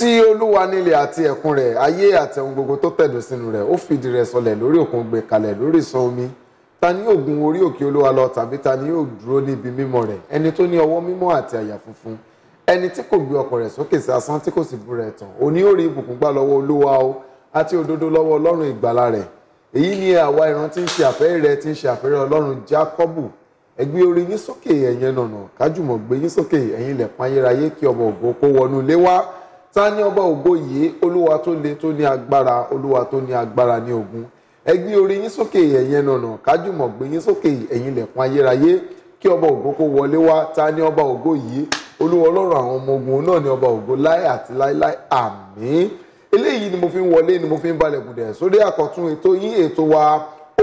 tí olúwa nílé àti ẹ̀kún rẹ̀ ayé àti ohun gbogbo tó tẹ̀dó sínú rẹ̀ ó fìdí rẹ̀ sọlẹ̀ lórí òkun gbé kalẹ̀ lórí ìsan omi ta ni yóò gun orí òkè olúwa lọ tàbí ta ni yóò dúró níbi mímọ́ rẹ̀ ẹni tó ní ọwọ́ mímọ́ àti àyà funfun ẹni tí kò gbé ọkàn rẹ̀ sókè sí asán tí kò sì bú rẹ̀ tàn òní ó rí ìbùkún gbà lọ́wọ́ olúwa o àti òdodo lọ́wọ́ ọlọ́run ìgbàlà rẹ̀ èyí ni àwa ìran tí ń ṣe àfẹ́rẹ́ rẹ̀ tí ń ṣe àfẹ́rẹ́ ọlọ́run jákọ́bù ẹ orí yín sókè ẹ̀yin nànà kájùmọ̀ gbé yín sókè ẹ̀yin ilẹ̀kùn ayérayé kí ọmọ ògo kó wọnú ilé wá ta ni ọba ògo yìí olúwa tó le tó ní agbára olúwa tó ní agbára ní ogun ẹ gbé orí yín sókè ẹ̀yin nànà kájùmọ̀ gbé yín sókè ẹ̀yin lẹ̀kùn ayérayé kí ọba ògo kó wọlé wá ta ni ọba ògo yìí olúwa ọlọ́run àwọn ọmọ ogun náà ni ọba ògo láé àti láéláé àmín eléyìí ni mo fi ń wọlé ni mo fi ń balẹ̀ gùdẹ̀ sórí àkọ́tún ètò yín ètò wa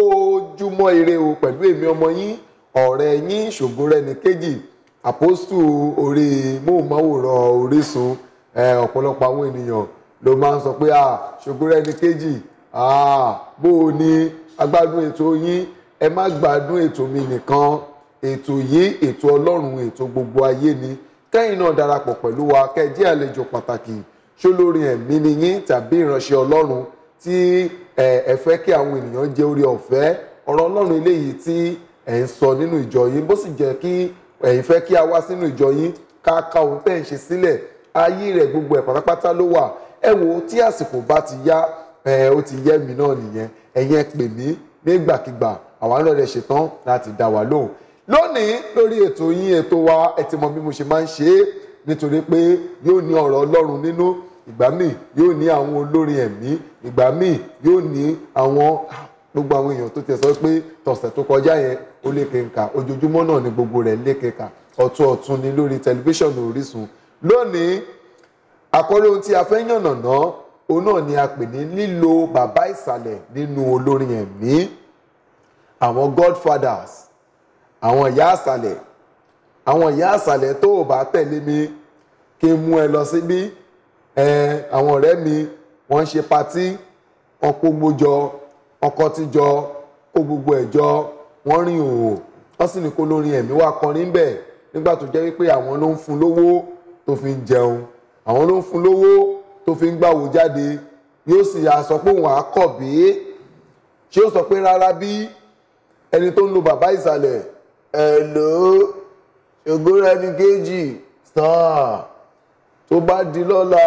ojúmọ́ ire o pẹ̀lú èmi ọmọ yín ọ̀rẹ́ yín ṣògo rẹ̀ ní kejì àpòstù orí móhùnmáwòrán Orísun ọ̀pọ̀lọpọ̀ àwọn ènìyàn ló máa ń sọ pé Ṣògorẹ́níkejì bó o ní agbádùn ètò yín ẹ má gbádùn ètò mi nìkan ètò yìí ètò ọlọ́run ètò gbogbo ayé ni kẹ́yìn náà darapọ̀ pẹ̀lú wa kẹ́ jẹ́ àlejò pàtàkì ṣólórin ẹ̀mí ni yín tàbí ìránṣẹ́ ọlọ́run tí ẹ fẹ́ kí àwọn ènìyàn jẹ orí ọ̀fẹ́ ọ̀rọ̀ ọlọ́run eléyìí tí ẹ̀ ń sọ nínú ìjọ yín bó sì jẹ́ kí ẹ̀yin fẹ́ kí a wá sínú ìjọ yín ká ka ohun tẹ́ ń ṣe sílẹ̀ ayé rẹ̀ gbogbo ẹ̀ pátápátá ló wà ẹ wo tí àsìkò bá ti yá ẹ ó ti yẹ mí náà nìyẹn ẹ̀yẹn pè mí nígbàkigbà àwa náà rẹ̀ ṣetán láti dá wa lóhùn lónìí lórí ètò yín ètò wa ẹ ti mọ bí mo ṣe máa ń ṣe é nítorí pé yóò ní ọ̀rọ̀ Ọlọ́run nínú ìgbà míì yóò ní àwọn olórin ẹ̀mí ìgbà míì yóò ní àwọn gbogbo àwọn èèyàn tó ti sọ pé tọ̀sẹ̀ tó kọjá yẹn ó lékè ńkà ojoojúmọ́ náà ni gbogbo rẹ̀ lékè ńkà ọ̀tún ọ̀tún ni lórí tẹlifíṣàn Orísun lónìí àkọlé ohun tí a fẹ́ yànnàná òun náà ni a pè ní lílo bàbá ìsàlẹ̀ nínú olórin ẹ̀mí àwọn godfathers àwọn ìyá àsàlẹ̀ àwọn ìyá àsàlẹ̀ tó o bá tẹ̀lé mi kí n mú ẹ lọ síbí ẹ àwọn ọ̀rẹ́ mi wọ́n ń ṣe patí wọ́n kó gbójọ wọ́n kọtí kó gbogbo ẹ̀ jọ wọ́n rìn òwò wọ́n sì ní kó lórin ẹ̀mí wá kọrin bẹ́ẹ̀ nígbà tó jẹ́ wípé àwọn ló ń fún lówó tó fi ń jẹun àwọn ló ń fún lówó tó fi ń gbàwó jáde yóò sì sọ pé òun á kọ̀ bí ṣé ó sọ pé rárá bí ẹni tó ń lo bàbá ìsàlẹ̀ ẹ̀ ló ṣògbóra ẹni kejì star tó bá di lọ́la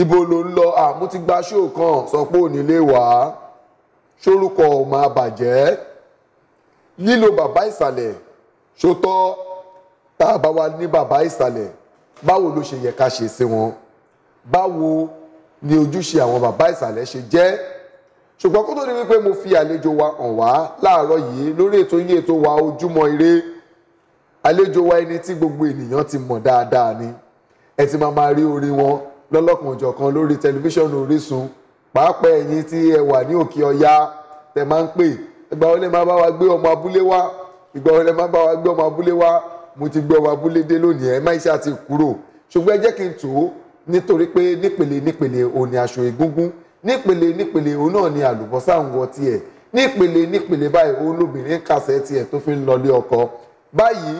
ibo ló ń lọ àmú ti sọ pé òní lè wá ṣórúkọ máa bàjẹ́ lílo bàbá ìsàlẹ̀ ṣótọ́ tá a bá wa ní bàbá ìsàlẹ̀ báwo ló ṣe yẹ ká ṣe sí wọn báwo ni ojúṣe àwọn bàbá ìsàlẹ̀ ṣe jẹ́ ṣùgbọ́n kó tó di wípé mo fi àlejò wa hàn wá láàárọ̀ yìí lórí ètò yín ètò wa ojúmọ́ ire àlejò wa ẹni tí gbogbo ènìyàn ti mọ̀ dáadáa ni ẹ ti máa máa rí orí wọn lọ́lọ́kanòjọ̀kan lórí tẹlifíṣọ̀nù Orísun pàápàá ẹ̀yin tí ẹ wà ní òkè ọya tẹ̀ máa ń pè ìgbà wo máa bá wa gbé ọmọ abúlé wá ìgbà wo lẹ máa bá wa gbé ọmọ abúlé wá mo ti gbé wa abúlédé lónìí ẹ má iṣẹ́ àti kúrò ṣùgbọ́n ẹ jẹ́ kí n tò ó nítorí pé nípele nípele òun ni aṣọ egúngún nípele nípele òun náà ni àlùbọ́sà ń wọ tiẹ̀ nípele nípele báyìí òun lóbìnrin kàṣẹ tiẹ̀ tó fi ń lọlé ọkọ báyìí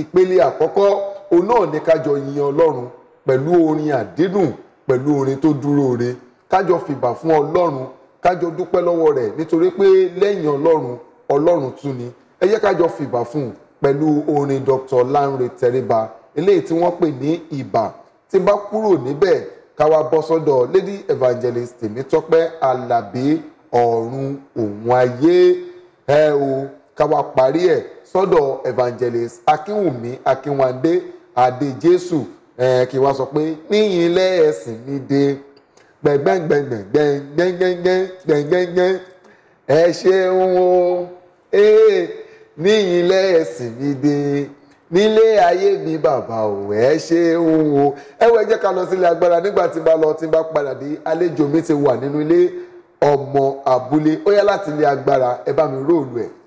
ìpele àkọ́kọ́ òun náà ni kájọ yin ọlọ́run pẹ̀lú orin àdídùn pẹ̀lú orin tó dúró re kájọ fìbà fún ọlọ́run kájọ dúpẹ́ lọ́wọ́ rẹ̀ nítorí pé lẹ́yìn ọlọ́run ọlọ́run tún ni ẹ yẹ kájọ fìbà fún un pẹ̀lú orin Dr. Lanre Tẹríba eléyìí tí wọ́n pè ní ìbà tí bá kúrò níbẹ̀ káwa bọ́ sọ́dọ̀ Lady Evangelist Tèmítọ́pẹ́ Àlàbí ọ̀run òun ayé ẹ o káwa parí ẹ̀ sọ́dọ̀ Evangelist Akínwùmí Akínwándé Adéjésù ẹ kí wá sọ pé níyìn lẹ́ẹ̀sìn mi dé gbẹ̀gbẹ̀gbẹ̀gbẹ̀gbẹ̀gbẹ̀gbẹ̀gbẹ̀gbẹ̀ ẹ ṣeun o ní ilé ẹ̀sìn mi dé nílé ayé mi bàbá ò ẹ ṣe ń wo ẹwẹ́ jẹ́ ká lọ sílé agbára nígbà tí n bá lọ tí bá padà dé àlejò mi ti wà nínú ilé ọmọ àbúlé ó yá láti ilé agbára ẹ bá mi róòlù ẹ̀.